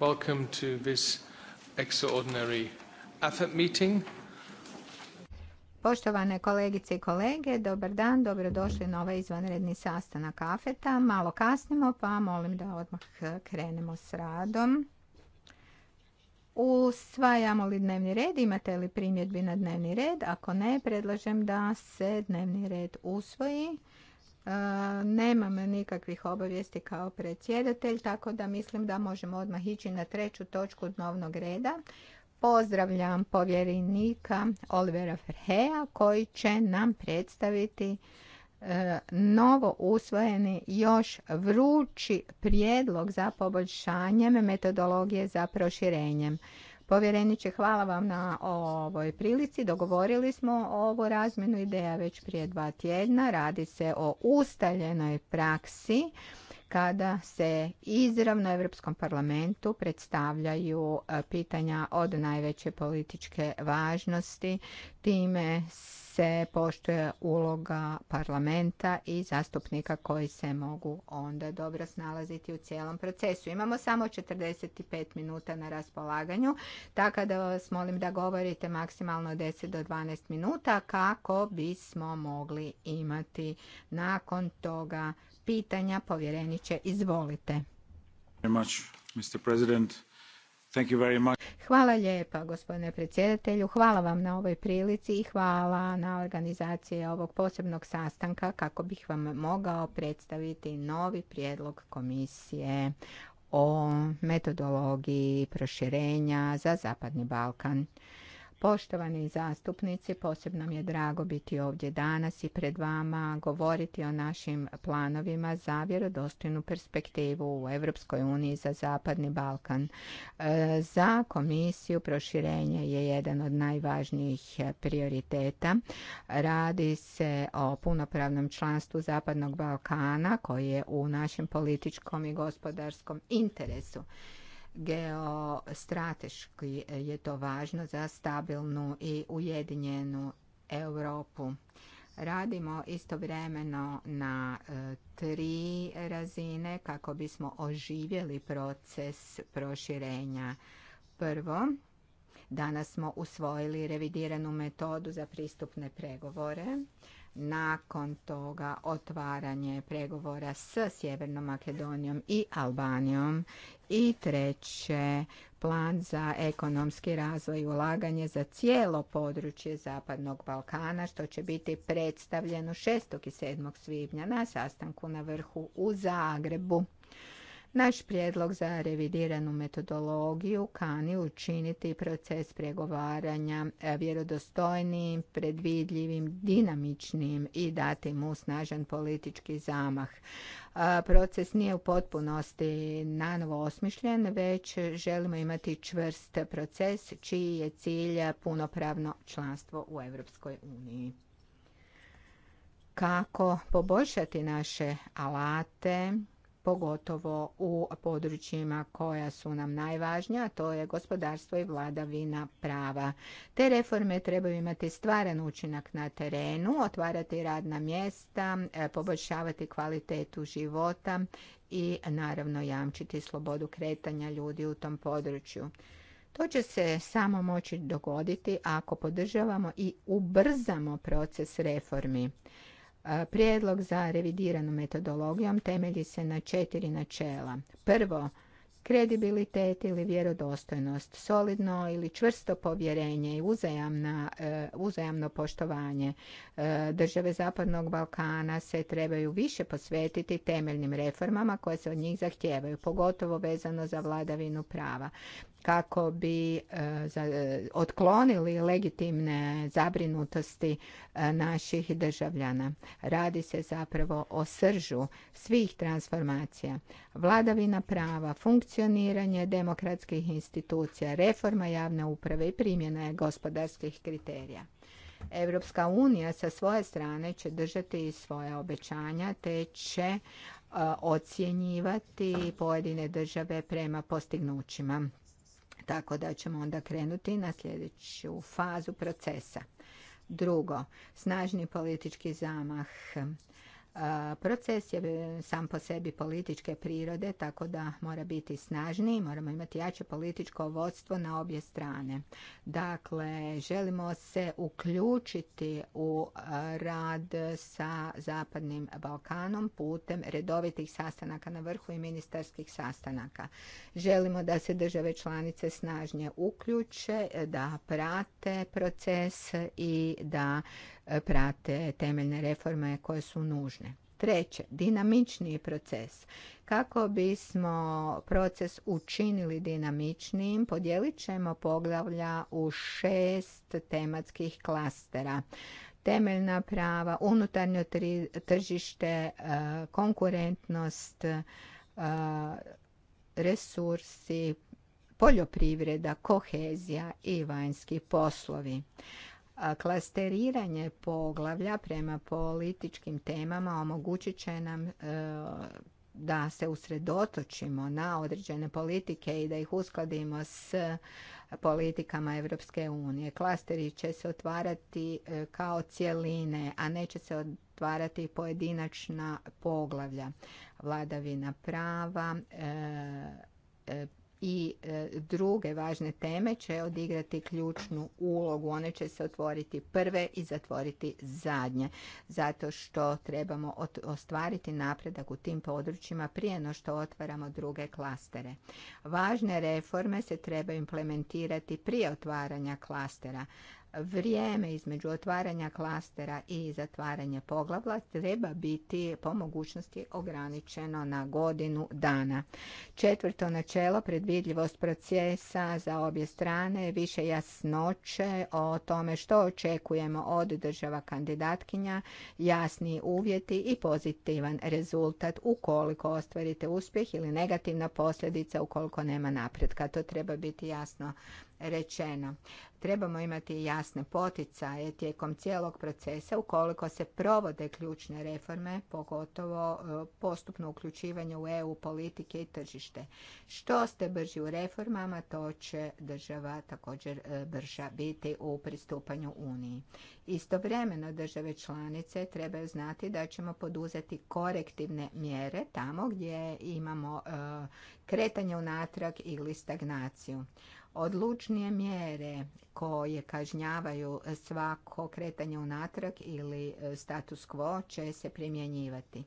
Welcome to this extraordinary meeting. Poštovane kolegice i kolege, dobar dan, dobrodošli na ovaj izvanredni sastanak AFETA. Malo kasnimo, pa molim da odmah krenemo s radom. Usvajamo li dnevni red? Imate li primjedbi na dnevni red? Ako ne, predlažem da se dnevni red usvoji. Nemam nikakvih obavijesti kao predsjedatelj, tako da mislim da možemo odmah ići na treću točku dnevnog reda. Pozdravljam povjerenika Olivera Ferheja koji će nam predstaviti e, novo usvojeni još vrući prijedlog za poboljšanjem metodologije za proširenjem. Povjereniče, hvala vam na ovoj prilici. Dogovorili smo ovu razmjenu ideja već prije dva tjedna. Radi se o ustaljenoj praksi kada se izravno Europskom parlamentu predstavljaju e, pitanja od najveće političke važnosti. Time se poštuje uloga parlamenta i zastupnika koji se mogu onda dobro snalaziti u cijelom procesu. Imamo samo 45 minuta na raspolaganju, tako da vas molim da govorite maksimalno 10 do 12 minuta kako bismo mogli imati nakon toga pitanja. Povjereniče, izvolite. Hvala lijepa gospodine predsjedatelju, hvala vam na ovoj prilici i hvala na organizaciji ovog posebnog sastanka kako bih vam mogao predstaviti novi prijedlog komisije o metodologiji proširenja za Zapadni Balkan. Poštovani zastupnici, posebno mi je drago biti ovdje danas i pred vama govoriti o našim planovima za vjerodostojnu perspektivu u Europskoj uniji za Zapadni Balkan. E, za komisiju proširenje je jedan od najvažnijih prioriteta. Radi se o punopravnom članstvu Zapadnog Balkana koji je u našem političkom i gospodarskom interesu. Geostrateški je to važno za stabilnu i ujedinjenu Europu. Radimo istovremeno na e, tri razine kako bismo oživjeli proces proširenja. Prvo, danas smo usvojili revidiranu metodu za pristupne pregovore nakon toga otvaranje pregovora s Sjevernom Makedonijom i Albanijom i treće plan za ekonomski razvoj i ulaganje za cijelo područje Zapadnog Balkana što će biti predstavljeno 6. i 7. svibnja na sastanku na vrhu u Zagrebu. Naš prijedlog za revidiranu metodologiju kani učiniti proces pregovaranja eh, vjerodostojnim, predvidljivim, dinamičnim i dati mu snažan politički zamah. Eh, proces nije u potpunosti nanovo osmišljen, već želimo imati čvrst proces čiji je cilj punopravno članstvo u Europskoj uniji. Kako poboljšati naše alate pogotovo u područjima koja su nam najvažnija, to je gospodarstvo i vladavina prava. Te reforme trebaju imati stvaran učinak na terenu, otvarati radna mjesta, e, poboljšavati kvalitetu života i naravno jamčiti slobodu kretanja ljudi u tom području. To će se samo moći dogoditi ako podržavamo i ubrzamo proces reformi. Prijedlog za revidiranu metodologijom temelji se na četiri načela. Prvo, kredibilitet ili vjerodostojnost, solidno ili čvrsto povjerenje i uzajamna, e, uzajamno poštovanje. E, države Zapadnog Balkana se trebaju više posvetiti temeljnim reformama koje se od njih zahtijevaju, pogotovo vezano za vladavinu prava kako bi e, e, otklonili legitimne zabrinutosti e, naših državljana. Radi se zapravo o sržu svih transformacija. Vladavina prava, funkcioniranje demokratskih institucija, reforma javne uprave i primjena gospodarskih kriterija. Europska unija sa svoje strane će držati svoje obećanja te će ocjenjivati pojedine države prema postignućima tako da ćemo onda krenuti na sljedeću fazu procesa. Drugo, snažni politički zamah Proces je e, sam po sebi političke prirode, tako da mora biti snažniji, moramo imati jače političko vodstvo na obje strane. Dakle, želimo se uključiti u e, rad sa Zapadnim Balkanom putem redovitih sastanaka na vrhu i ministarskih sastanaka. Želimo da se države članice snažnije uključe, e, da prate proces i da prate temeljne reforme koje su nužne. Treće, dinamičniji proces. Kako bismo proces učinili dinamičnijim, podijelit ćemo poglavlja u šest tematskih klastera. Temeljna prava, unutarnje tržište, e, konkurentnost, e, resursi, poljoprivreda, kohezija i vanjski poslovi. Klasteriranje poglavlja prema političkim temama omogućit će nam e, da se usredotočimo na određene politike i da ih uskladimo s politikama Europske unije. Klasteri će se otvarati e, kao cjeline, a neće se otvarati pojedinačna poglavlja. Vladavina prava, e, i e, druge važne teme će odigrati ključnu ulogu. One će se otvoriti prve i zatvoriti zadnje. Zato što trebamo ostvariti napredak u tim područjima prije no što otvaramo druge klastere. Važne reforme se treba implementirati prije otvaranja klastera vrijeme između otvaranja klastera i zatvaranja poglavlja treba biti po mogućnosti ograničeno na godinu dana. Četvrto načelo, predvidljivost procesa za obje strane, više jasnoće o tome što očekujemo od država kandidatkinja, jasni uvjeti i pozitivan rezultat ukoliko ostvarite uspjeh ili negativna posljedica ukoliko nema napretka. To treba biti jasno rečeno. Trebamo imati jasne poticaje tijekom cijelog procesa ukoliko se provode ključne reforme, pogotovo e, postupno uključivanje u EU politike i tržište. Što ste brži u reformama, to će država također e, brža biti u pristupanju Uniji. Istovremeno države članice trebaju znati da ćemo poduzeti korektivne mjere tamo gdje imamo e, kretanje unatrag ili stagnaciju odlučnije mjere koje kažnjavaju svako kretanje unatrag ili e, status quo će se primjenjivati.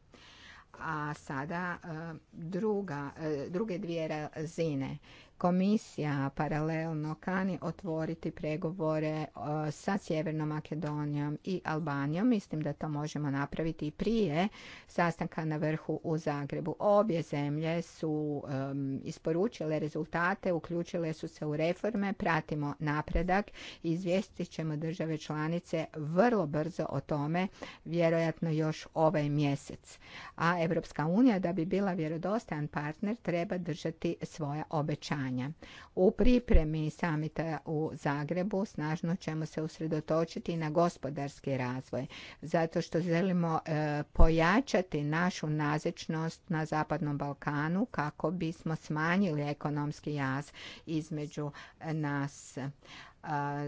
A sada e, druga, e, druge dvije razine. Komisija paralelno kani otvoriti pregovore e, sa Sjevernom Makedonijom i Albanijom. Mislim da to možemo napraviti i prije sastanka na vrhu u Zagrebu. Obje zemlje su isporučile rezultate, uključile su se u reforme, pratimo napredak i izvijestit ćemo države članice vrlo brzo o tome, vjerojatno još ovaj mjesec. A Evropska unija da bi bila vjerodostojan partner treba držati svoja obećanja. U pripremi samita u Zagrebu snažno ćemo se usredotočiti na gospodarski razvoj, zato što želimo e, pojačati našu nazičnost na Zapadnom Balkanu kako bismo smanjili ekonomski jaz između nas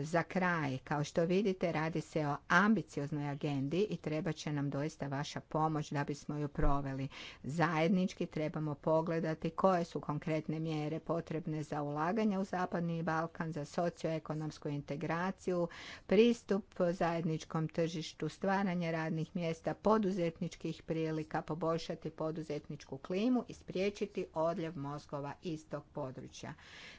za kraj, kao što vidite, radi se o ambicioznoj agendi i treba će nam doista vaša pomoć da bismo ju proveli. Zajednički trebamo pogledati koje su konkretne mjere potrebne za ulaganje u Zapadni Balkan, za socioekonomsku integraciju, pristup zajedničkom tržištu, stvaranje radnih mjesta, poduzetničkih prilika, poboljšati poduzetničku klimu i spriječiti odljev mozgova iz tog područja.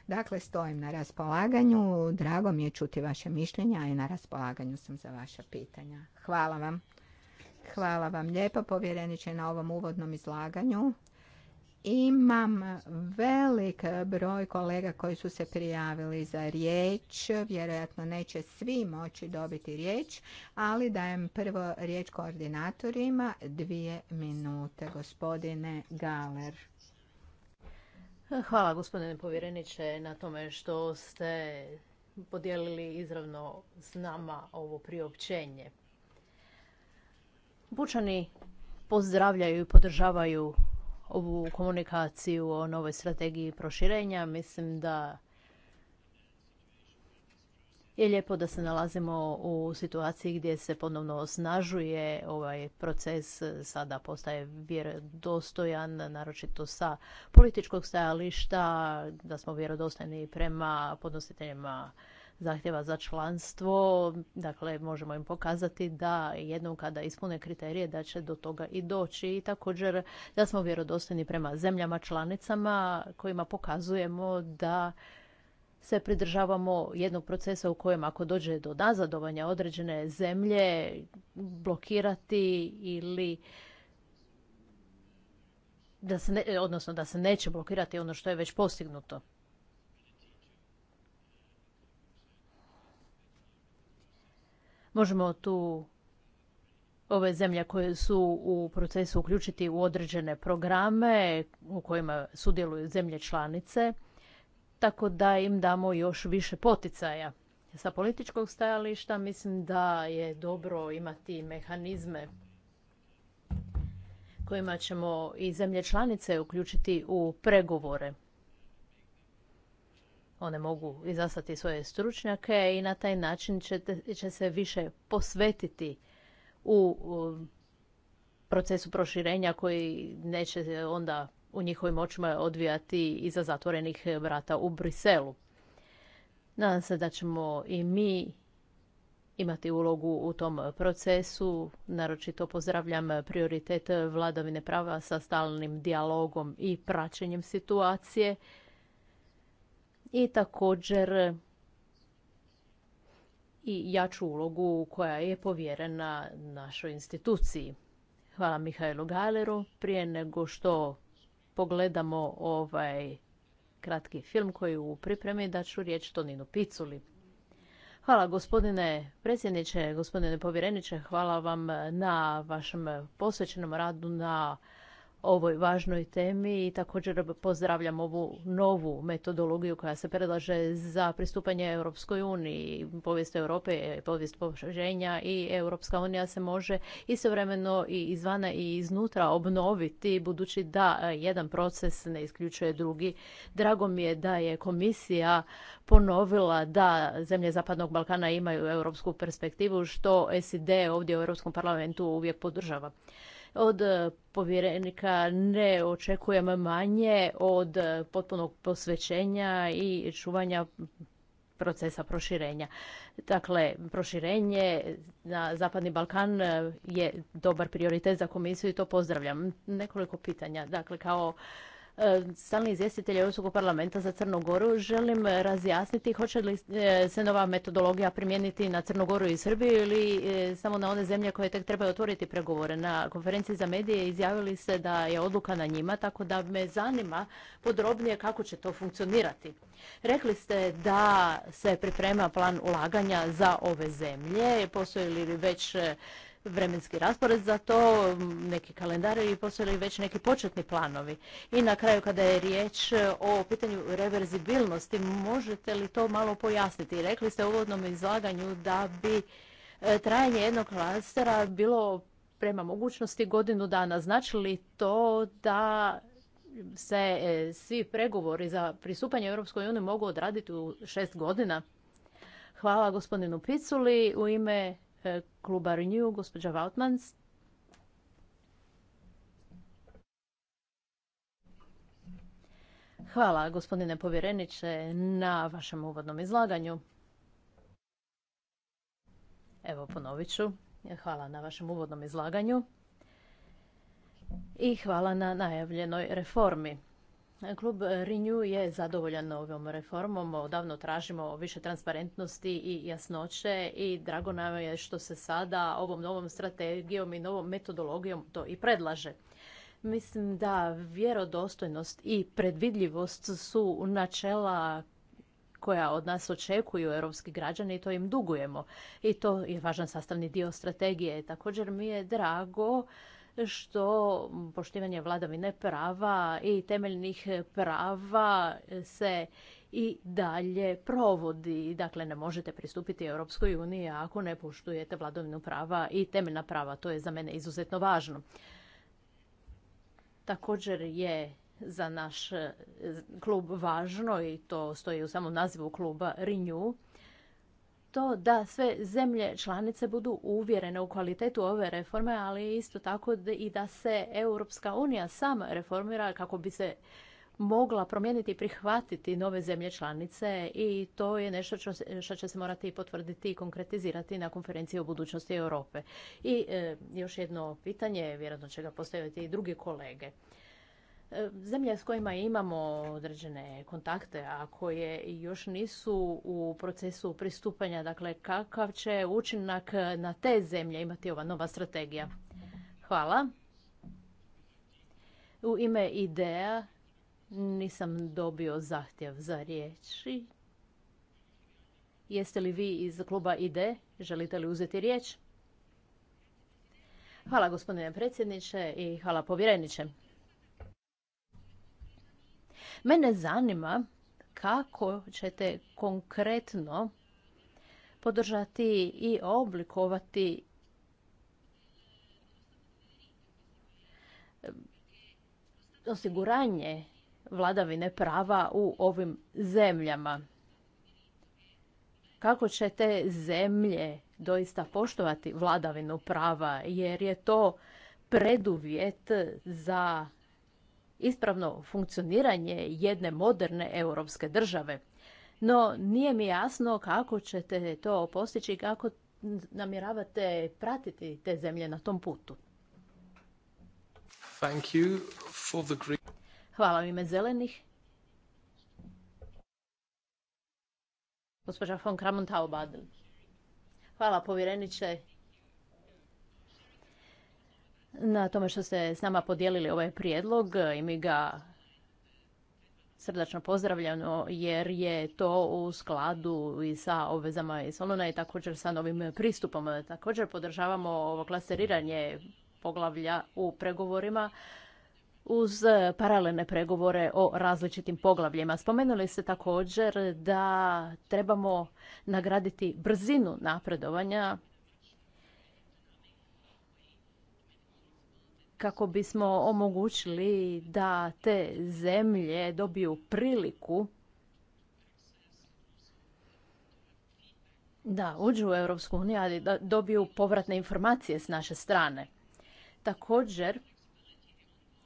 Dakle, stojim na raspolaganju. Drago Drago mi je čuti vaše mišljenja i na raspolaganju sam za vaša pitanja. Hvala vam. Hvala vam lijepa povjereniče na ovom uvodnom izlaganju. Imam velik broj kolega koji su se prijavili za riječ. Vjerojatno neće svi moći dobiti riječ, ali dajem prvo riječ koordinatorima. Dvije minute, gospodine Galer. Hvala gospodine povjereniče na tome što ste podijelili izravno s nama ovo priopćenje. Bučani pozdravljaju i podržavaju ovu komunikaciju o novoj strategiji proširenja. Mislim da je lijepo da se nalazimo u situaciji gdje se ponovno osnažuje ovaj proces, sada postaje vjerodostojan, naročito sa političkog stajališta, da smo vjerodostojni prema podnositeljima zahtjeva za članstvo. Dakle, možemo im pokazati da jednom kada ispune kriterije da će do toga i doći i također da smo vjerodostojni prema zemljama članicama kojima pokazujemo da se pridržavamo jednog procesa u kojem ako dođe do nazadovanja određene zemlje blokirati ili da se odnosno da se neće blokirati ono što je već postignuto. Možemo tu ove zemlje koje su u procesu uključiti u određene programe u kojima sudjeluju zemlje članice tako da im damo još više poticaja. Sa političkog stajališta mislim da je dobro imati mehanizme kojima ćemo i zemlje članice uključiti u pregovore. One mogu izastati svoje stručnjake i na taj način će, se više posvetiti u procesu proširenja koji neće onda u njihovim očima odvijati iza zatvorenih vrata u Briselu. Nadam se da ćemo i mi imati ulogu u tom procesu. Naročito pozdravljam prioritet vladavine prava sa stalnim dijalogom i praćenjem situacije. I također i jaču ulogu koja je povjerena našoj instituciji. Hvala Mihajlu Galeru. Prije nego što pogledamo ovaj kratki film koji u pripremi da ću riječ Toninu Piculi. Hvala gospodine predsjedniče, gospodine povjereniče, hvala vam na vašem posvećenom radu na ovoj važnoj temi i također pozdravljam ovu novu metodologiju koja se predlaže za pristupanje Europskoj uniji. Povijest Europe, povijest pošaženja i Europska unija se može istovremeno i izvana i iznutra obnoviti budući da jedan proces ne isključuje drugi. Drago mi je da je komisija ponovila da zemlje Zapadnog Balkana imaju europsku perspektivu što SID ovdje u Europskom parlamentu uvijek podržava. Od e, povjerenika ne očekujem manje od e, potpunog posvećenja i čuvanja procesa proširenja. Dakle, proširenje na Zapadni Balkan e, je dobar prioritet za komisiju i to pozdravljam. Nekoliko pitanja. Dakle, kao stalni izvjestitelj Europskog parlamenta za Crnu Goru. Želim razjasniti hoće li e, se nova metodologija primijeniti na Crnu Goru i Srbiju ili e, samo na one zemlje koje tek trebaju otvoriti pregovore. Na konferenciji za medije izjavili se da je odluka na njima, tako da me zanima podrobnije kako će to funkcionirati. Rekli ste da se priprema plan ulaganja za ove zemlje, postoji li već vremenski raspored za to, neki kalendari i postoje već neki početni planovi. I na kraju kada je riječ o pitanju reverzibilnosti, možete li to malo pojasniti? Rekli ste u uvodnom izlaganju da bi e, trajanje jednog klastera bilo prema mogućnosti godinu dana. Znači li to da se e, svi pregovori za pristupanje Europskoj uniji mogu odraditi u šest godina? Hvala gospodinu Piculi. U ime E, kluba Renew, gospođa Vautmans. Hvala, gospodine povjereniče, na vašem uvodnom izlaganju. Evo, ponovit ću. Hvala na vašem uvodnom izlaganju i hvala na najavljenoj reformi. Klub Renew je zadovoljan ovom reformom. Odavno tražimo više transparentnosti i jasnoće i drago nam je što se sada ovom novom strategijom i novom metodologijom to i predlaže. Mislim da vjerodostojnost i predvidljivost su načela koja od nas očekuju europski građani i to im dugujemo. I to je važan sastavni dio strategije. Također mi je drago što poštivanje vladavine prava i temeljnih prava se i dalje provodi. Dakle, ne možete pristupiti Europskoj uniji ako ne poštujete vladavinu prava i temeljna prava. To je za mene izuzetno važno. Također je za naš klub važno i to stoji u samom nazivu kluba Renew to da sve zemlje članice budu uvjerene u kvalitetu ove reforme, ali isto tako i da se Europska unija sama reformira kako bi se mogla promijeniti i prihvatiti nove zemlje članice i to je nešto što će se morati potvrditi i konkretizirati na konferenciji o budućnosti Europe. I e, još jedno pitanje, vjerojatno će ga postaviti i drugi kolege. Zemlje s kojima imamo određene kontakte, a koje još nisu u procesu pristupanja, dakle kakav će učinak na te zemlje imati ova nova strategija? Hvala. U ime ideja nisam dobio zahtjev za riječi. Jeste li vi iz kluba IDE? Želite li uzeti riječ? Hvala gospodine predsjedniče i hvala povjereniče. Mene zanima kako ćete konkretno podržati i oblikovati eh, osiguranje vladavine prava u ovim zemljama. Kako će te zemlje doista poštovati vladavinu prava jer je to preduvjet za ispravno funkcioniranje jedne moderne europske države. No, nije mi jasno kako ćete to postići i kako namjeravate pratiti te zemlje na tom putu. Thank you for the... Hvala ime zelenih. von Hvala povjereniče na tome što ste s nama podijelili ovaj prijedlog e, i mi ga srdačno pozdravljamo jer je to u skladu i sa obvezama i Solona i također sa novim pristupom. Također podržavamo ovo klaseriranje poglavlja u pregovorima uz paralelne pregovore o različitim poglavljima. Spomenuli ste također da trebamo nagraditi brzinu napredovanja kako bismo omogućili da te zemlje dobiju priliku da uđu u Europsku uniju, ali da dobiju povratne informacije s naše strane. Također,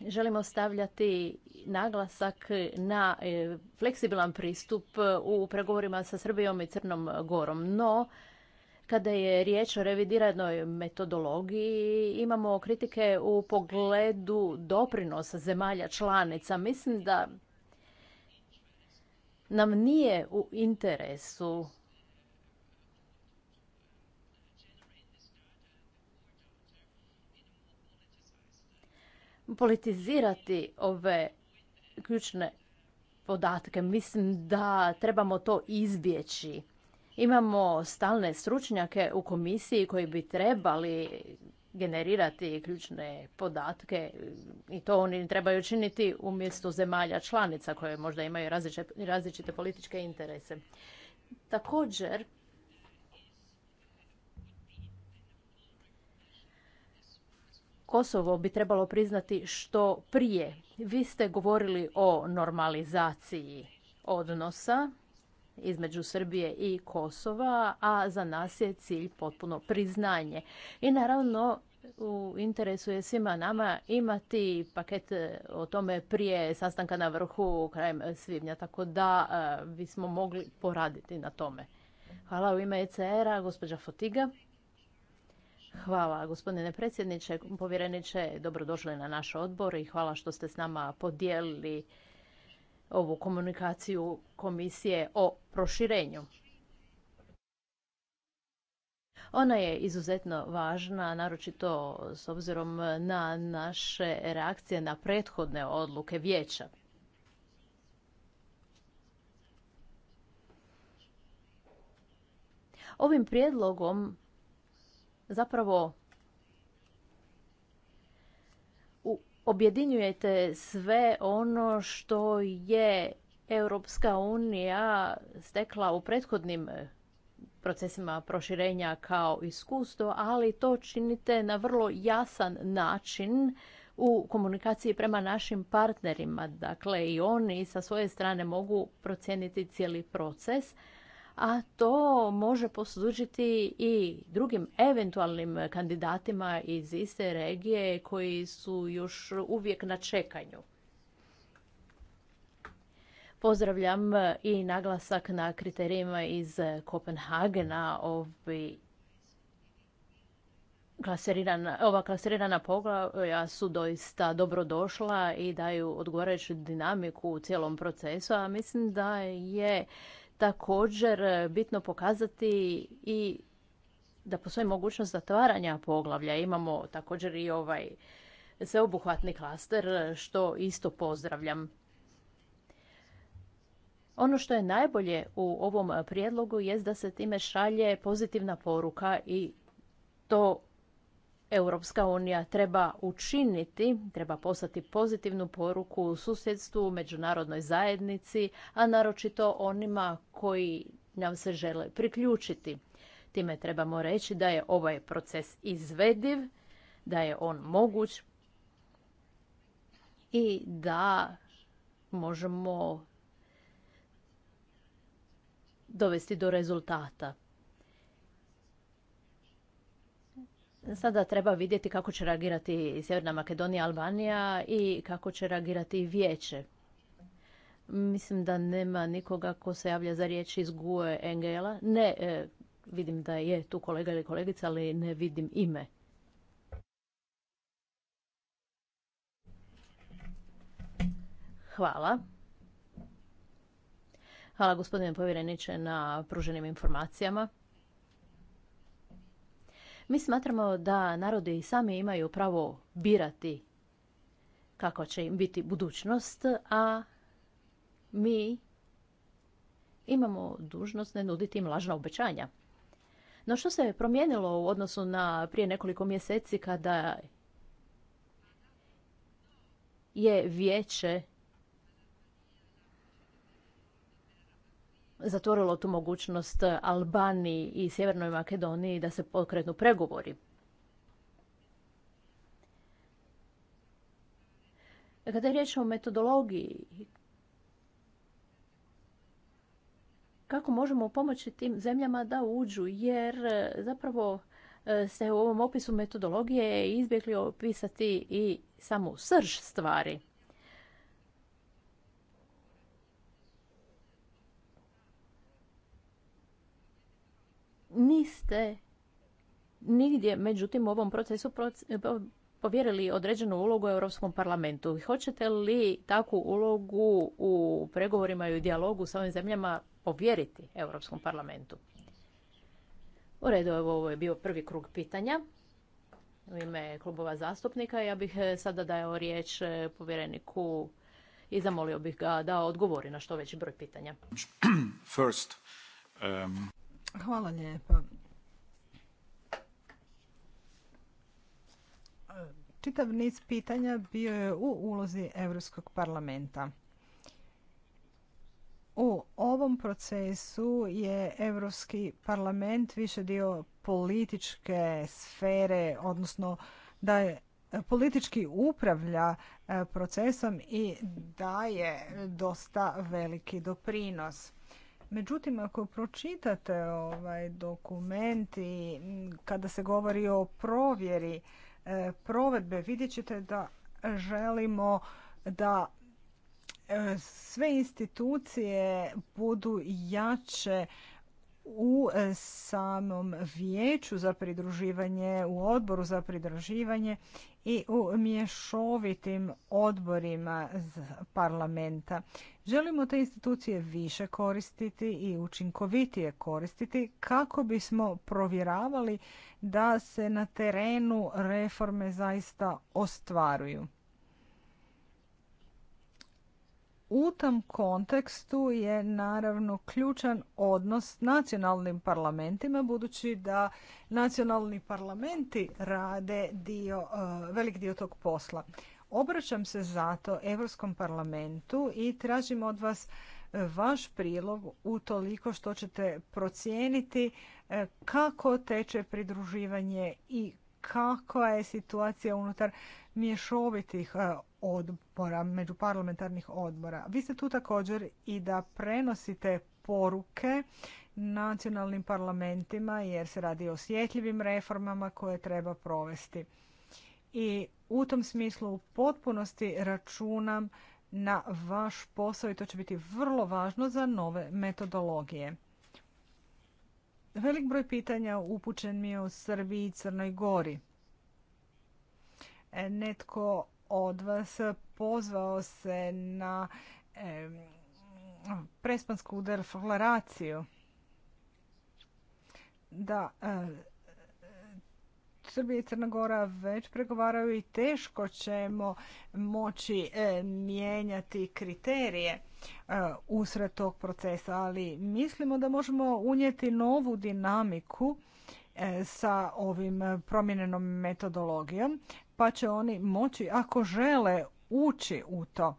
želimo stavljati naglasak na e, fleksibilan pristup u pregovorima sa Srbijom i Crnom Gorom, no kada je riječ o revidiranoj metodologiji, imamo kritike u pogledu doprinosa zemalja članica. Mislim da nam nije u interesu politizirati ove ključne podatke. Mislim da trebamo to izbjeći. Imamo stalne stručnjake u komisiji koji bi trebali generirati ključne podatke i to oni trebaju činiti umjesto zemalja članica koje možda imaju različite, različite političke interese. Također, Kosovo bi trebalo priznati što prije. Vi ste govorili o normalizaciji odnosa između Srbije i Kosova, a za nas je cilj potpuno priznanje. I naravno u interesu je svima nama imati paket e, o tome prije sastanka na vrhu krajem svibnja, tako da e, bismo mogli poraditi na tome. Hvala u ime ECR-a, gospođa Fotiga. Hvala gospodine predsjedniče, povjereniče, dobrodošli na naš odbor i hvala što ste s nama podijelili ovu komunikaciju komisije o proširenju. Ona je izuzetno važna, naročito s obzirom na naše reakcije na prethodne odluke vijeća. Ovim prijedlogom zapravo objedinjujete sve ono što je Europska unija stekla u prethodnim eh, procesima proširenja kao iskustvo, ali to činite na vrlo jasan način u komunikaciji prema našim partnerima. Dakle, i oni sa svoje strane mogu procijeniti cijeli proces, a to može poslužiti i drugim eventualnim kandidatima iz iste regije koji su još uvijek na čekanju. Pozdravljam i naglasak na kriterijima iz Kopenhagena. Ovi ova klasirana poglavlja su doista dobrodošla i daju odgovarajuću dinamiku u cijelom procesu, a mislim da je također e, bitno pokazati i da postoji mogućnost zatvaranja poglavlja. Imamo također i ovaj sveobuhvatni klaster, e, što isto pozdravljam. Ono što je najbolje u ovom prijedlogu jest da se time šalje pozitivna poruka i to Europska unija treba učiniti, treba poslati pozitivnu poruku u susjedstvu, međunarodnoj zajednici, a naročito onima koji nam se žele priključiti. Time trebamo reći da je ovaj proces izvediv, da je on moguć i da možemo dovesti do rezultata. Sada treba vidjeti kako će reagirati Sjeverna Makedonija, Albanija i kako će reagirati vijeće. Mislim da nema nikoga ko se javlja za riječ iz GUE Engela. Ne, e, vidim da je tu kolega ili kolegica, ali ne vidim ime. Hvala. Hvala gospodine povjereniče na pruženim informacijama. Mi smatramo da narodi sami imaju pravo birati kako će im biti budućnost, a mi imamo dužnost ne nuditi im lažna obećanja. No što se je promijenilo u odnosu na prije nekoliko mjeseci kada je vijeće zatvorilo tu mogućnost Albaniji i Sjevernoj Makedoniji da se pokretnu pregovori. Kada je riječ o metodologiji, kako možemo pomoći tim zemljama da uđu, jer e, zapravo e, se u ovom opisu metodologije izbjegli opisati i samu srž stvari. niste nigdje, međutim, u ovom procesu eh, povjerili određenu ulogu Europskom parlamentu. Hoćete li takvu ulogu u pregovorima i u dijalogu sa ovim zemljama povjeriti Europskom parlamentu? U redu, ovo je bio prvi krug pitanja u ime klubova zastupnika. Ja bih eh, sada dao riječ eh, povjereniku i zamolio bih ga da odgovori na što veći broj pitanja. First, um, Hvala lijepa. Čitav niz pitanja bio je u ulozi Europskog parlamenta. U ovom procesu je Europski parlament više dio političke sfere, odnosno da je politički upravlja eh, procesom i daje dosta veliki doprinos. Međutim, ako pročitate ovaj dokument i kada se govori o provjeri e, provedbe, vidjet ćete da želimo da e, sve institucije budu jače u e, samom vijeću za pridruživanje, u odboru za pridruživanje i u mješovitim odborima parlamenta. Želimo te institucije više koristiti i učinkovitije koristiti kako bismo provjeravali da se na terenu reforme zaista ostvaruju. U tom kontekstu je naravno ključan odnos nacionalnim parlamentima budući da nacionalni parlamenti rade dio, eh, velik dio tog posla. Obraćam se zato Europskom parlamentu i tražim od vas e, vaš prilog utoliko što ćete procijeniti e, kako teče pridruživanje i kakva je situacija unutar mješovitih e, odbora, međuparlamentarnih odbora. Vi ste tu također i da prenosite poruke nacionalnim parlamentima jer se radi o osjetljivim reformama koje treba provesti. I u tom smislu u potpunosti računam na vaš posao i to će biti vrlo važno za nove metodologije. Velik broj pitanja upućen mi je u Srbiji i Crnoj Gori. E, netko od vas pozvao se na prespansku deklaraciju da e, Srbija i Crna Gora već pregovaraju i teško ćemo moći e, mijenjati kriterije e, usred tog procesa, ali mislimo da možemo unijeti novu dinamiku e, sa ovim promjenenom metodologijom, pa će oni moći, ako žele, ući u to.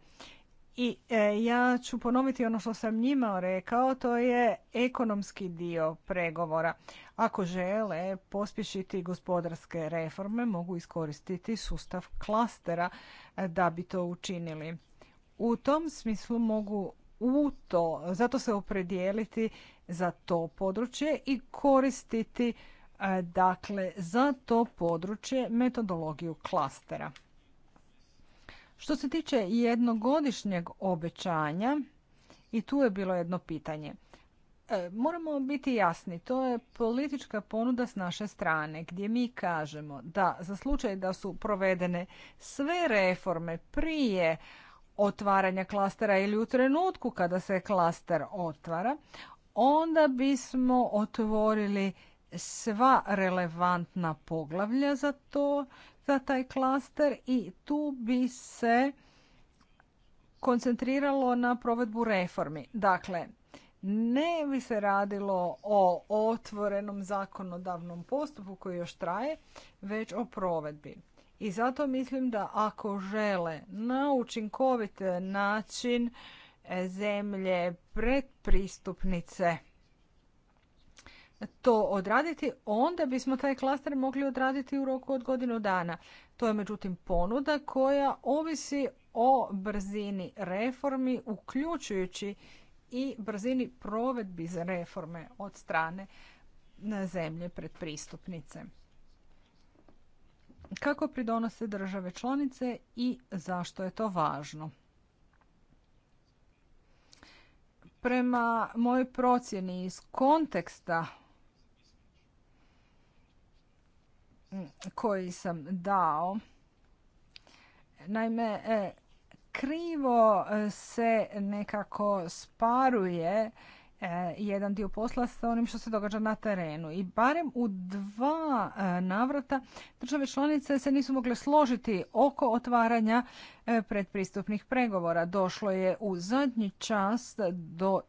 I ja ću ponoviti ono što sam njima rekao, to je ekonomski dio pregovora. Ako žele pospješiti gospodarske reforme, mogu iskoristiti sustav klastera eh, da bi to učinili. U tom smislu mogu u to, zato se opredijeliti za to područje i koristiti eh, dakle za to područje metodologiju klastera. Što se tiče jednogodišnjeg obećanja, i tu je bilo jedno pitanje. E, moramo biti jasni, to je politička ponuda s naše strane gdje mi kažemo da za slučaj da su provedene sve reforme prije otvaranja klastera ili u trenutku kada se klaster otvara, onda bismo otvorili sva relevantna poglavlja za to, za taj klaster i tu bi se koncentriralo na provedbu reformi. Dakle, ne bi se radilo o otvorenom zakonodavnom postupku koji još traje, već o provedbi. I zato mislim da ako žele na učinkovit način zemlje predpristupnice to odraditi, onda bismo taj klaster mogli odraditi u roku od godinu dana. To je međutim ponuda koja ovisi o brzini reformi, uključujući i brzini provedbi za reforme od strane na zemlje pristupnice. Kako pridonose države članice i zašto je to važno? Prema mojoj procjeni iz konteksta koji sam dao, naime, e, krivo e, se nekako sparuje e, jedan dio posla sa onim što se događa na terenu. I barem u dva e, navrata države članice se nisu mogle složiti oko otvaranja predpristupnih pregovora. Došlo je u zadnji čas do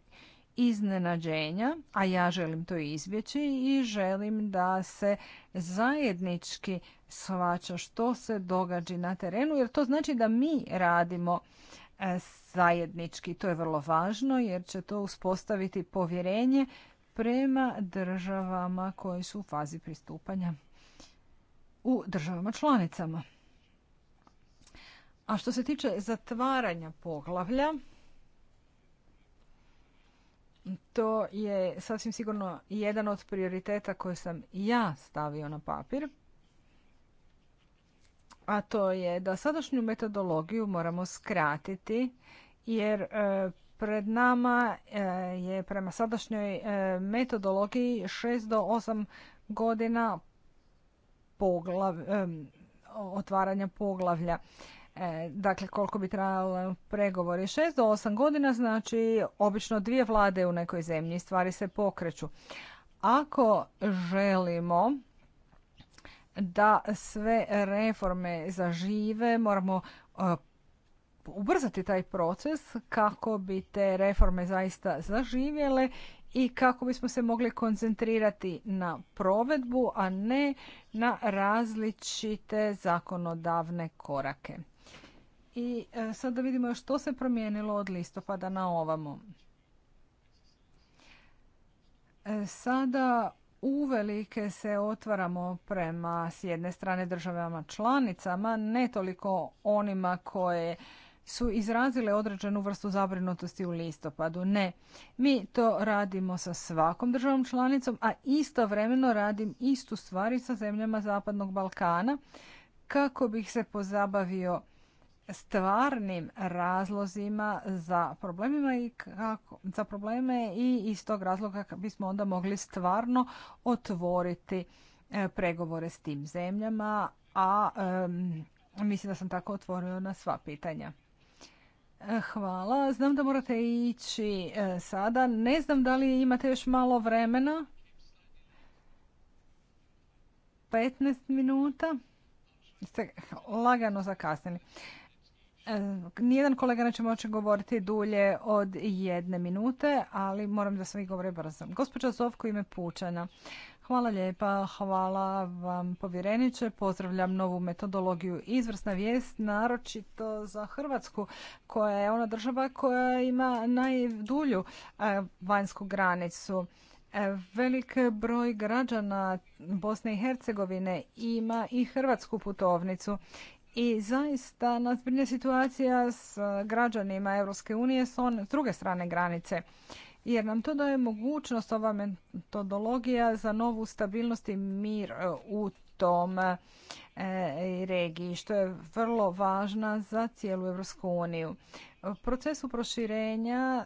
iznenađenja, a ja želim to izbjeći i želim da se zajednički shvaća što se događa na terenu, jer to znači da mi radimo e, zajednički. To je vrlo važno jer će to uspostaviti povjerenje prema državama koje su u fazi pristupanja u državama članicama. A što se tiče zatvaranja poglavlja, to je sasvim sigurno jedan od prioriteta koje sam ja stavio na papir, a to je da sadašnju metodologiju moramo skratiti jer e, pred nama e, je prema sadašnjoj e, metodologiji 6 do 8 godina poglav, otvaranja poglavlja. E, dakle koliko bi trajalo pregovori. 6 do 8 godina znači obično dvije vlade u nekoj zemlji, stvari se pokreću. Ako želimo da sve reforme zažive, moramo e, ubrzati taj proces kako bi te reforme zaista zaživjele i kako bismo se mogli koncentrirati na provedbu, a ne na različite zakonodavne korake. I e, sad da vidimo što se promijenilo od listopada na ovamo. E, sada uvelike se otvaramo prema s jedne strane državama članicama, ne toliko onima koje su izrazile određenu vrstu zabrinutosti u listopadu. Ne, mi to radimo sa svakom državom članicom, a istovremeno radim istu stvari sa zemljama Zapadnog Balkana kako bih se pozabavio stvarnim razlozima za problemima i kako, za probleme i iz tog razloga bismo onda mogli stvarno otvoriti e, pregovore s tim zemljama, a mislim da sam tako otvorila na sva pitanja. E, hvala. Znam da morate ići e, sada. Ne znam da li imate još malo vremena. 15 minuta. Ste lagano zakasnili. E, nijedan kolega neće moći govoriti dulje od jedne minute, ali moram da svi govore brzo. Gospođa Zovko ime Pučana. Hvala lijepa, hvala vam povjereniče. Pozdravljam novu metodologiju. Izvrsna vijest, naročito za Hrvatsku, koja je ona država koja ima najdulju e, vanjsku granicu. E, velik broj građana Bosne i Hercegovine ima i hrvatsku putovnicu i zaista nas brine situacija s eh, građanima Europske unije s, on, s druge strane granice. Jer nam to daje mogućnost ova metodologija za novu stabilnost i mir eh, u tom eh, regiji, što je vrlo važna za cijelu Europsku uniju. Procesu proširenja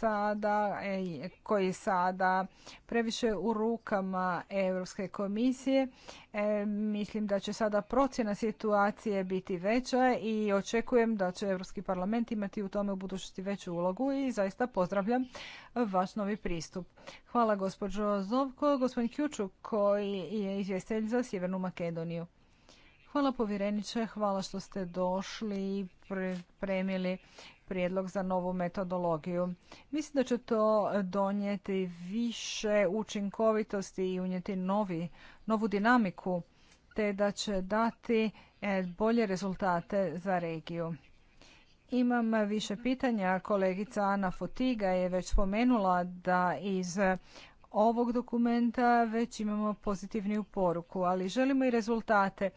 sada, e, koji sada previše u rukama Europske komisije. E, mislim da će sada procjena situacije biti veća i očekujem da će Europski parlament imati u tome u budućnosti veću ulogu i zaista pozdravljam vaš novi pristup. Hvala gospođo Zovko, gospodin Kjuču koji je izvjestelj za Sjevernu Makedoniju. Hvala povjereniče, hvala što ste došli i pripremili prijedlog za novu metodologiju. Mislim da će to donijeti više učinkovitosti i unijeti novi, novu dinamiku, te da će dati e, bolje rezultate za regiju. Imam više pitanja. Kolegica Ana Fotiga je već spomenula da iz ovog dokumenta već imamo pozitivniju poruku, ali želimo i rezultate.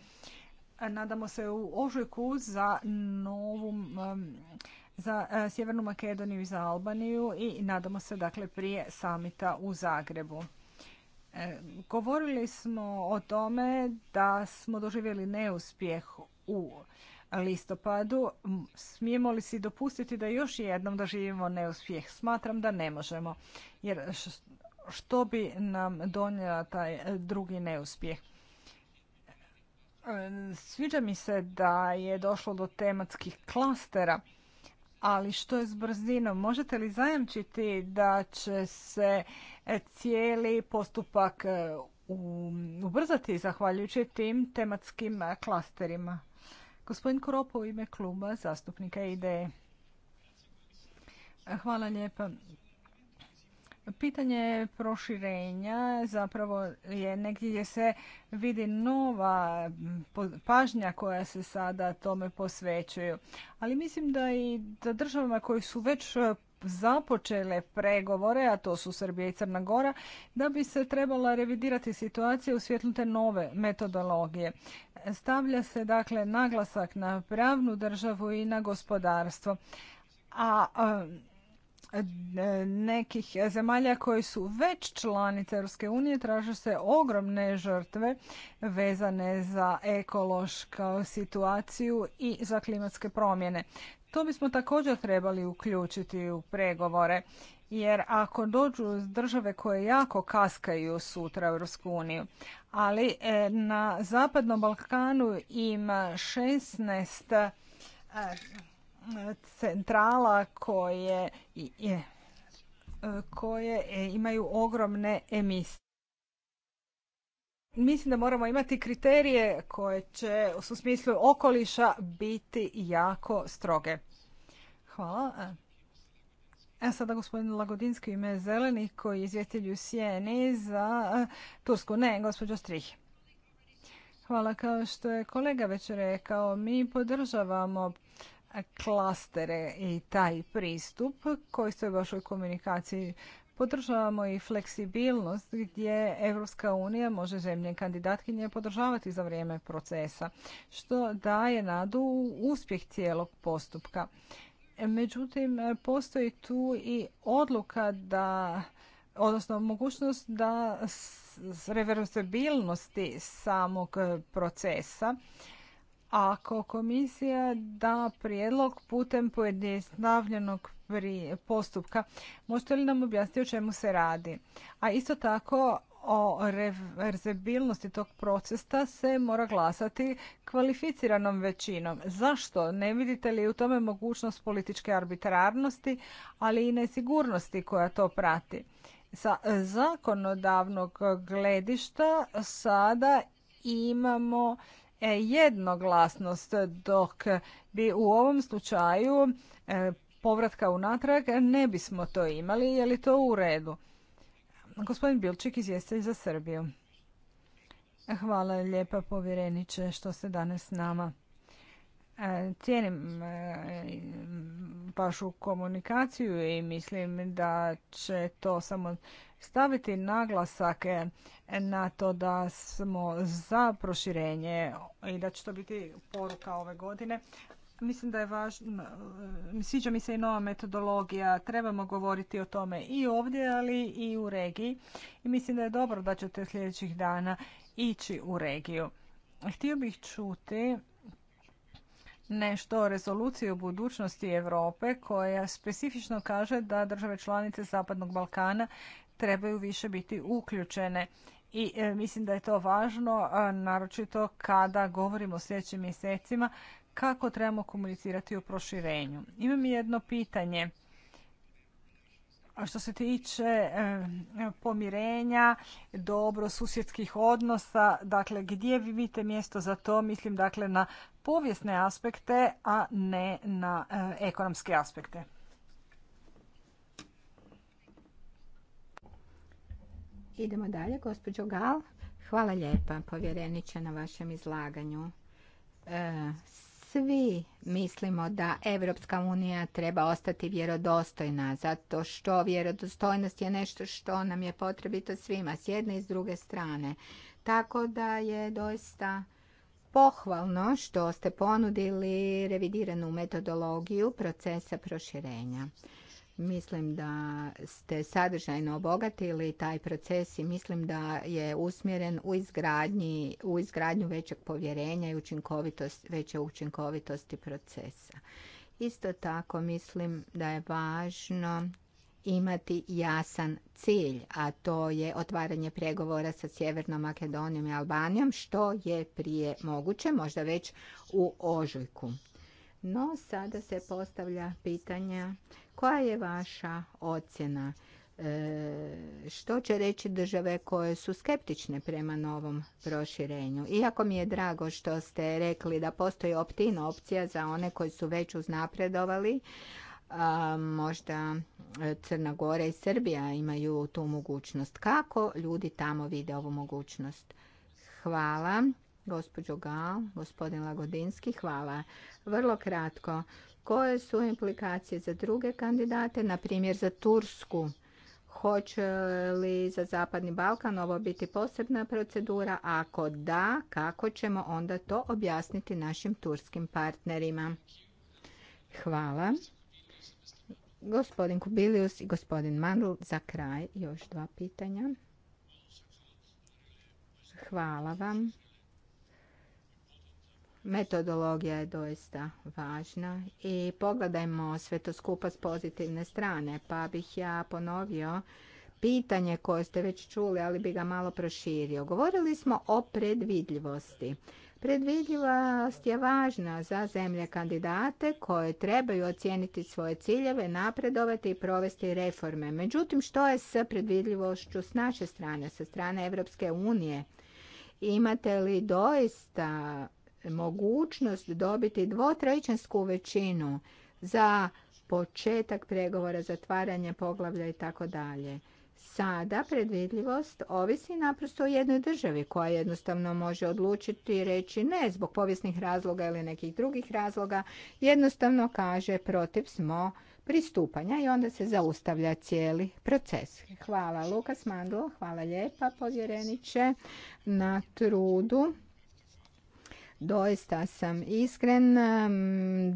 Nadamo se u ožujku za novu za e, Sjevernu Makedoniju i za Albaniju i nadamo se dakle prije samita u Zagrebu. E, govorili smo o tome da smo doživjeli neuspjeh u listopadu. Smijemo li si dopustiti da još jednom doživimo neuspjeh? Smatram da ne možemo. Jer što bi nam donijela taj e, drugi neuspjeh? Sviđa mi se da je došlo do tematskih klastera ali što je s brzinom? Možete li zajamčiti da će se e, cijeli postupak e, ubrzati zahvaljujući tim tematskim e, klasterima? Gospodin Koropo ime kluba zastupnika IDE. Hvala lijepa. Pitanje proširenja zapravo je negdje gdje se vidi nova pažnja koja se sada tome posvećuju. Ali mislim da i da državama koji su već započele pregovore, a to su Srbija i Crna Gora, da bi se trebala revidirati situacija u svjetlu te nove metodologije. Stavlja se dakle naglasak na pravnu državu i na gospodarstvo. a nekih zemalja koje su već članice Europske unije traže se ogromne žrtve vezane za ekološku situaciju i za klimatske promjene. To bismo također trebali uključiti u pregovore, jer ako dođu države koje jako kaskaju sutra u Europsku uniju, ali e, na Zapadnom Balkanu ima 16 centrala koje, e, koje e, imaju ogromne emisije. Mislim da moramo imati kriterije koje će u smislu okoliša biti jako stroge. Hvala. E, e sada gospodin Lagodinski ime Zelenih koji je izvjetelj u Sijeni za Tursku. Ne, gospođo Strih. Hvala. Kao što je kolega već rekao, mi podržavamo klastere i taj pristup koji stoji u vašoj komunikaciji. Podržavamo i fleksibilnost gdje Europska unija može zemlje kandidatkinje podržavati za vrijeme procesa, što daje nadu uspjeh cijelog postupka. Međutim, postoji tu i odluka da, odnosno mogućnost da reverzibilnosti samog procesa ako komisija da prijedlog putem pojednostavljenog postupka, možete li nam objasniti o čemu se radi? A isto tako o reverzibilnosti tog procesa se mora glasati kvalificiranom većinom. Zašto? Ne vidite li u tome mogućnost političke arbitrarnosti, ali i nesigurnosti koja to prati? Sa zakonodavnog gledišta sada imamo jednoglasnost, dok bi u ovom slučaju e, povratka unatrag ne bismo to imali. Je li to u redu? Gospodin Bilčik, izvjestelj za Srbiju. Hvala lijepa povjereniče što ste danas s nama. E, cijenim e, vašu komunikaciju i mislim da će to samo staviti naglasak e, na to da smo za proširenje i da će to biti poruka ove godine. Mislim da je važno, e, sviđa mi se i nova metodologija, trebamo govoriti o tome i ovdje, ali i u regiji. I mislim da je dobro da ćete sljedećih dana ići u regiju. Htio bih čuti nešto o rezoluciji o budućnosti Europe koja specifično kaže da države članice Zapadnog Balkana trebaju više biti uključene. I e, mislim da je to važno, naročito kada govorimo o sljedećim mjesecima, kako trebamo komunicirati o proširenju. Imam jedno pitanje. Što se tiče e, pomirenja, dobro susjedskih odnosa, dakle gdje vi vidite mjesto za to, mislim dakle na povijesne aspekte, a ne na e, ekonomske aspekte. Idemo dalje, gospođo Gal. Hvala lijepa, povjereniče, na vašem izlaganju. E, svi mislimo da Evropska unija treba ostati vjerodostojna, zato što vjerodostojnost je nešto što nam je potrebito svima, s jedne i s druge strane. Tako da je doista pohvalno što ste ponudili revidiranu metodologiju procesa proširenja. Mislim da ste sadržajno obogatili taj proces i mislim da je usmjeren u, izgradnji, u izgradnju većeg povjerenja i učinkovitost, veće učinkovitosti procesa. Isto tako mislim da je važno imati jasan cilj, a to je otvaranje pregovora sa Sjevernom Makedonijom i Albanijom, što je prije moguće, možda već u ožujku. No sada se postavlja pitanja koja je vaša ocjena? E, što će reći države koje su skeptične prema novom proširenju. Iako mi je drago što ste rekli da postoji optin opcija za one koji su već uznapredovali, možda e, Crna Gora i Srbija imaju tu mogućnost. Kako ljudi tamo vide ovu mogućnost? Hvala gospođo Gal, gospodin Lagodinski, hvala. Vrlo kratko, koje su implikacije za druge kandidate, na primjer za Tursku? Hoće li za Zapadni Balkan ovo biti posebna procedura? Ako da, kako ćemo onda to objasniti našim turskim partnerima? Hvala. Gospodin Kubilius i gospodin Mandl za kraj još dva pitanja. Hvala vam. Metodologija je doista važna i pogledajmo sve to skupa s pozitivne strane, pa bih ja ponovio pitanje koje ste već čuli, ali bi ga malo proširio. Govorili smo o predvidljivosti. Predvidljivost je važna za zemlje kandidate koje trebaju ocijeniti svoje ciljeve, napredovati i provesti reforme. Međutim, što je s predvidljivošću s naše strane, sa strane Europske unije? Imate li doista mogućnost dobiti dvotrećinsku većinu za početak pregovora, zatvaranje poglavlja i tako dalje. Sada predvidljivost ovisi naprosto o jednoj državi koja jednostavno može odlučiti i reći ne zbog povijesnih razloga ili nekih drugih razloga. Jednostavno kaže protiv smo pristupanja i onda se zaustavlja cijeli proces. Hvala Lukas Mandl, hvala lijepa povjereniče na trudu. Doista sam iskren,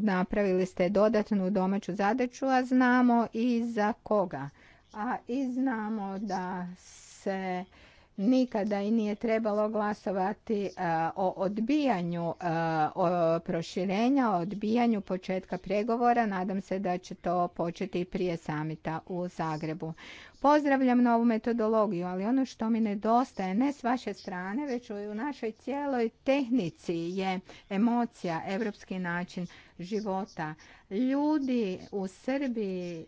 napravili ste dodatnu domaću zadaću, a znamo i za koga. A i znamo da se nikada i nije trebalo glasovati e, o odbijanju e, o proširenja, o odbijanju početka pregovora. Nadam se da će to početi prije samita u Zagrebu. Pozdravljam novu metodologiju, ali ono što mi nedostaje ne s vaše strane, već u našoj cijeloj tehnici je emocija, evropski način života. Ljudi u Srbiji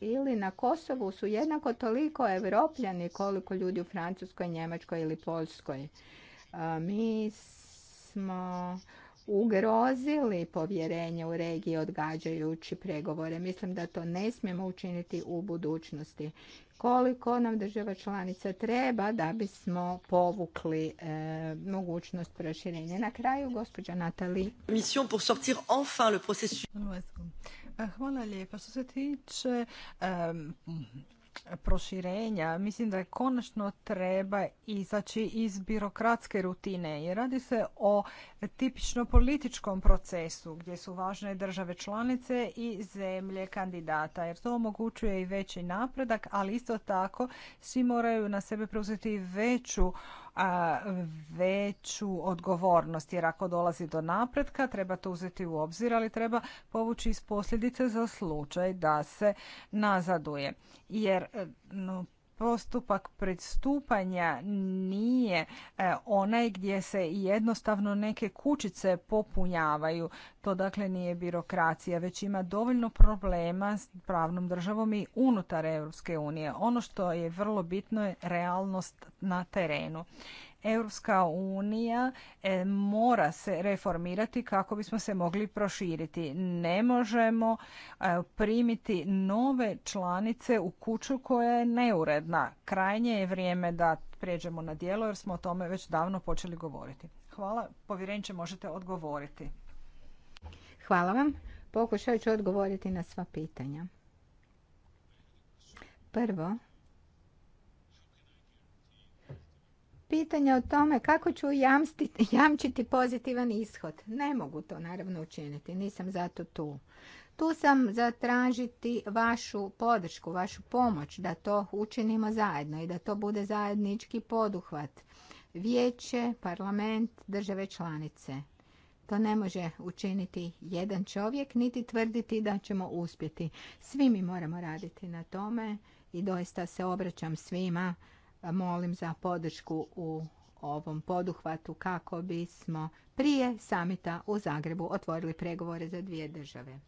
ili na Kosovu su jednako toliko evropljani koliko ljudi u Francuskoj, Njemačkoj ili Poljskoj. E, mi smo ugrozili povjerenje u regiji odgađajući pregovore. Mislim da to ne smijemo učiniti u budućnosti. Koliko nam država članica treba da bismo povukli e, mogućnost proširenja. Na kraju, gospođa Natali. E, hvala lijepa. Što se tiče um, proširenja, mislim da je konačno treba izaći iz birokratske rutine i radi se o tipično političkom procesu gdje su važne države članice i zemlje kandidata jer to omogućuje i veći napredak, ali isto tako svi moraju na sebe preuzeti veću veću odgovornost jer ako dolazi do napretka treba to uzeti u obzir, ali treba povući iz posljedice za slučaj da se nazaduje. Jer e, postupak predstupanja nije e, onaj gdje se jednostavno neke kućice popunjavaju. To dakle nije birokracija, već ima dovoljno problema s pravnom državom i unutar EU. unije. Ono što je vrlo bitno je realnost na terenu. Europska unija e, mora se reformirati kako bismo se mogli proširiti. Ne možemo e, primiti nove članice u kuću koja je neuredna. Krajnje je vrijeme da prijeđemo na dijelo jer smo o tome već davno počeli govoriti. Hvala. Povjerenče, možete odgovoriti. Hvala vam. Pokušat ću odgovoriti na sva pitanja. Prvo, pitanje o tome kako ću jamstiti, jamčiti pozitivan ishod. Ne mogu to naravno učiniti, nisam zato tu. Tu sam zatražiti vašu podršku, vašu pomoć da to učinimo zajedno i da to bude zajednički poduhvat. Vijeće, parlament, države članice. To ne može učiniti jedan čovjek, niti tvrditi da ćemo uspjeti. Svi mi moramo raditi na tome i doista se obraćam svima pa molim za podršku u ovom poduhvatu kako bismo prije samita u Zagrebu otvorili pregovore za dvije države.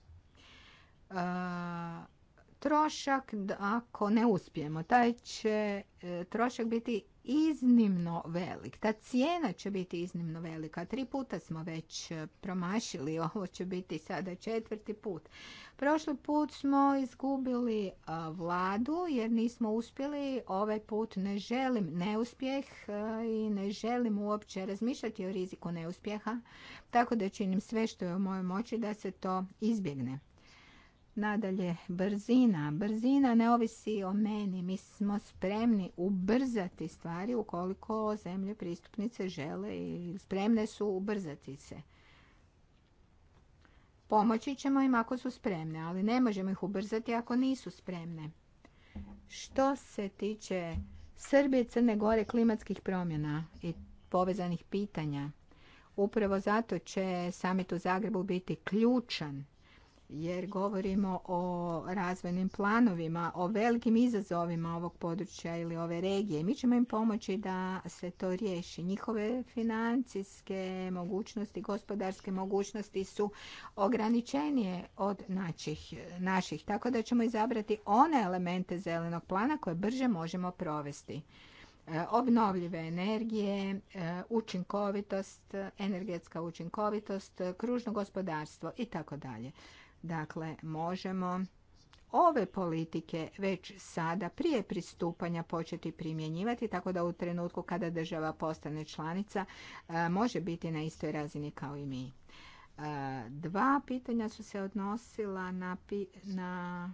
E, trošak ako ne uspijemo. Taj će e, trošak biti iznimno velik. Ta cijena će biti iznimno velika. Tri puta smo već e, promašili, ovo će biti sada četvrti put. Prošli put smo izgubili e, vladu jer nismo uspjeli. Ovaj put ne želim neuspjeh i ne želim uopće razmišljati o riziku neuspjeha. Tako da činim sve što je u mojoj moći da se to izbjegne. Nadalje, brzina. Brzina ne ovisi o meni. Mi smo spremni ubrzati stvari ukoliko zemlje pristupnice žele i spremne su ubrzati se. Pomoći ćemo im ako su spremne, ali ne možemo ih ubrzati ako nisu spremne. Što se tiče Srbije, Crne Gore, klimatskih promjena i povezanih pitanja, upravo zato će samit u Zagrebu biti ključan jer govorimo o razvojnim planovima, o velikim izazovima ovog područja ili ove regije. Mi ćemo im pomoći da se to riješi. Njihove financijske mogućnosti, gospodarske mogućnosti su ograničenije od naših, naših, tako da ćemo izabrati one elemente zelenog plana koje brže možemo provesti e, obnovljive energije, e, učinkovitost, energetska učinkovitost, kružno gospodarstvo i tako dalje. Dakle, možemo ove politike već sada prije pristupanja početi primjenjivati, tako da u trenutku kada država postane članica e, može biti na istoj razini kao i mi. E, dva pitanja su se odnosila na, na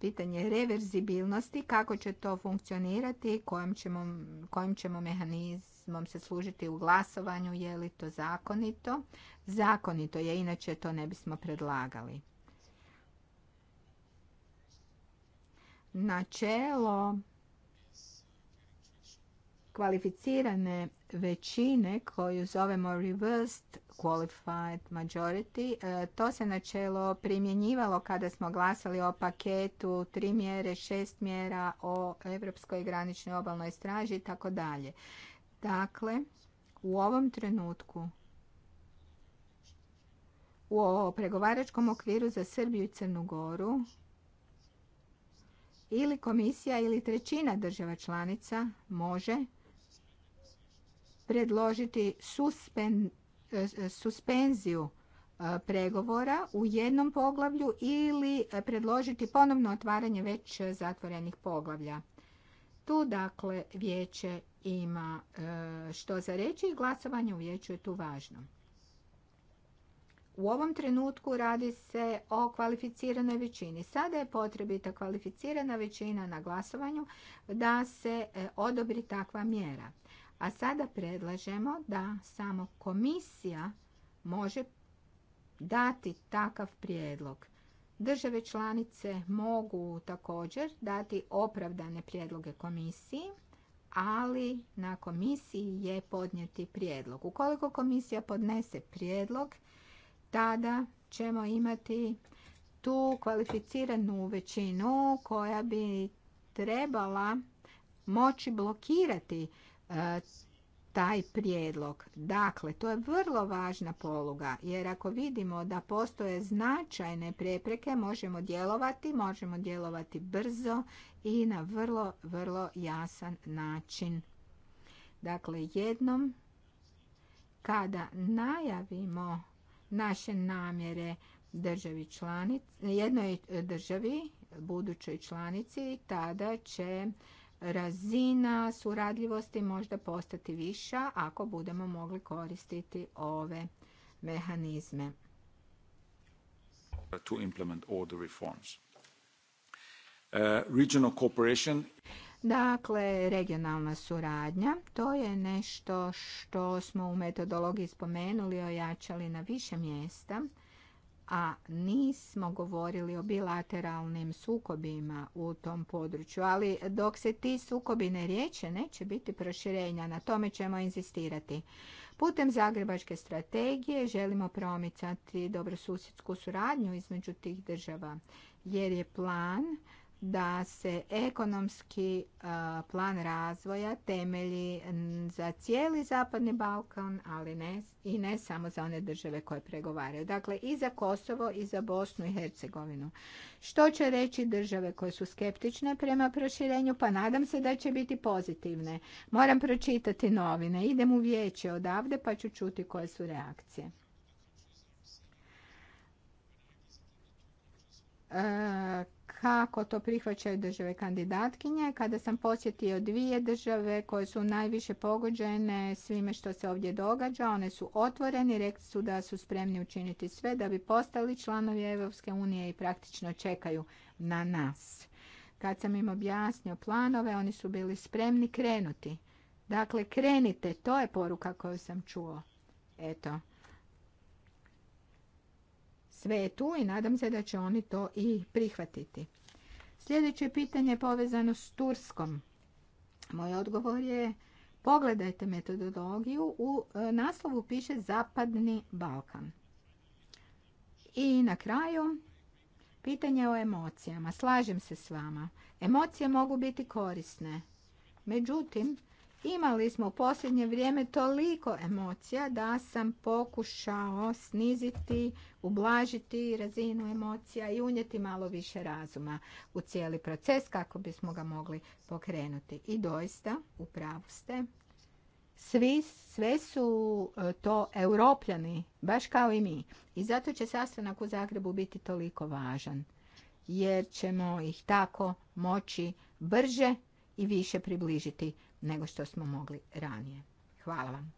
pitanje reverzibilnosti, kako će to funkcionirati, kojim ćemo, kojim ćemo pismom se služiti u glasovanju, je li to zakonito? Zakonito je, inače to ne bismo predlagali. Načelo kvalificirane većine koju zovemo reversed qualified majority. E, to se načelo primjenjivalo kada smo glasali o paketu tri mjere, šest mjera o Europskoj graničnoj obalnoj straži i tako dalje. Dakle, u ovom trenutku u pregovaračkom okviru za Srbiju i Crnu Goru ili komisija ili trećina država članica može predložiti suspenziju e, pregovora u jednom poglavlju ili predložiti ponovno otvaranje već zatvorenih poglavlja. Tu dakle vijeće ima e, što za reći i glasovanje u vijeću je tu važno. U ovom trenutku radi se o kvalificiranoj većini. Sada je potrebita kvalificirana većina na glasovanju da se e, odobri takva mjera. A sada predlažemo da samo komisija može dati takav prijedlog. Države članice mogu također dati opravdane prijedloge komisiji ali na komisiji je podnijeti prijedlog. Ukoliko komisija podnese prijedlog, tada ćemo imati tu kvalificiranu većinu koja bi trebala moći blokirati e, taj prijedlog. Dakle, to je vrlo važna poluga jer ako vidimo da postoje značajne prepreke, možemo djelovati, možemo djelovati brzo i na vrlo, vrlo jasan način. Dakle, jednom kada najavimo naše namjere državi članici, jednoj državi, budućoj članici, tada će razina suradljivosti možda postati viša ako budemo mogli koristiti ove mehanizme. Uh, dakle, regionalna suradnja, to je nešto što smo u metodologiji spomenuli, ojačali na više mjesta a nismo govorili o bilateralnim sukobima u tom području. Ali dok se ti sukobi ne riječe, neće biti proširenja. Na tome ćemo inzistirati. Putem Zagrebačke strategije želimo promicati dobrosusjedsku suradnju između tih država, jer je plan da se ekonomski plan razvoja temelji za cijeli Zapadni Balkan, ali ne i ne samo za one države koje pregovaraju. Dakle, i za Kosovo i za Bosnu i Hercegovinu. Što će reći države koje su skeptične prema proširenju? Pa nadam se da će biti pozitivne. Moram pročitati novine. Idem u vijeće odavde pa ću čuti koje su reakcije. E, kako to prihvaćaju države kandidatkinje. Kada sam posjetio dvije države koje su najviše pogođene svime što se ovdje događa, one su otvoreni, rekli su da su spremni učiniti sve da bi postali članovi Europske unije i praktično čekaju na nas. Kad sam im objasnio planove, oni su bili spremni krenuti. Dakle, krenite, to je poruka koju sam čuo. Eto, sve je tu i nadam se da će oni to i prihvatiti. Sljedeće pitanje je povezano s Turskom. Moj odgovor je pogledajte metodologiju. U e, naslovu piše Zapadni Balkan. I na kraju pitanje o emocijama. Slažem se s vama. Emocije mogu biti korisne. Međutim, Imali smo u posljednje vrijeme toliko emocija da sam pokušao sniziti, ublažiti razinu emocija i unijeti malo više razuma u cijeli proces kako bismo ga mogli pokrenuti. I doista, u ste, svi, sve su e, to europljani, baš kao i mi. I zato će sastanak u Zagrebu biti toliko važan, jer ćemo ih tako moći brže i više približiti nego što smo mogli ranije. Hvala vam.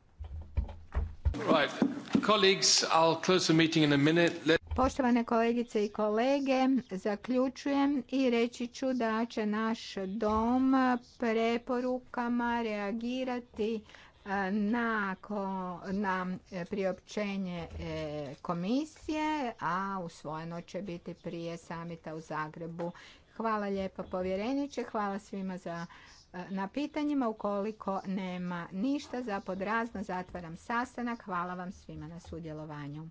Poštovane kolegice i kolege, zaključujem i reći ću da će naš dom preporukama reagirati e, na, na priopćenje e, komisije, a usvojeno će biti prije samita u Zagrebu. Hvala lijepo povjereniče, hvala svima za E, na pitanjima. Ukoliko nema ništa za podrazno, zatvaram sastanak. Hvala vam svima na sudjelovanju.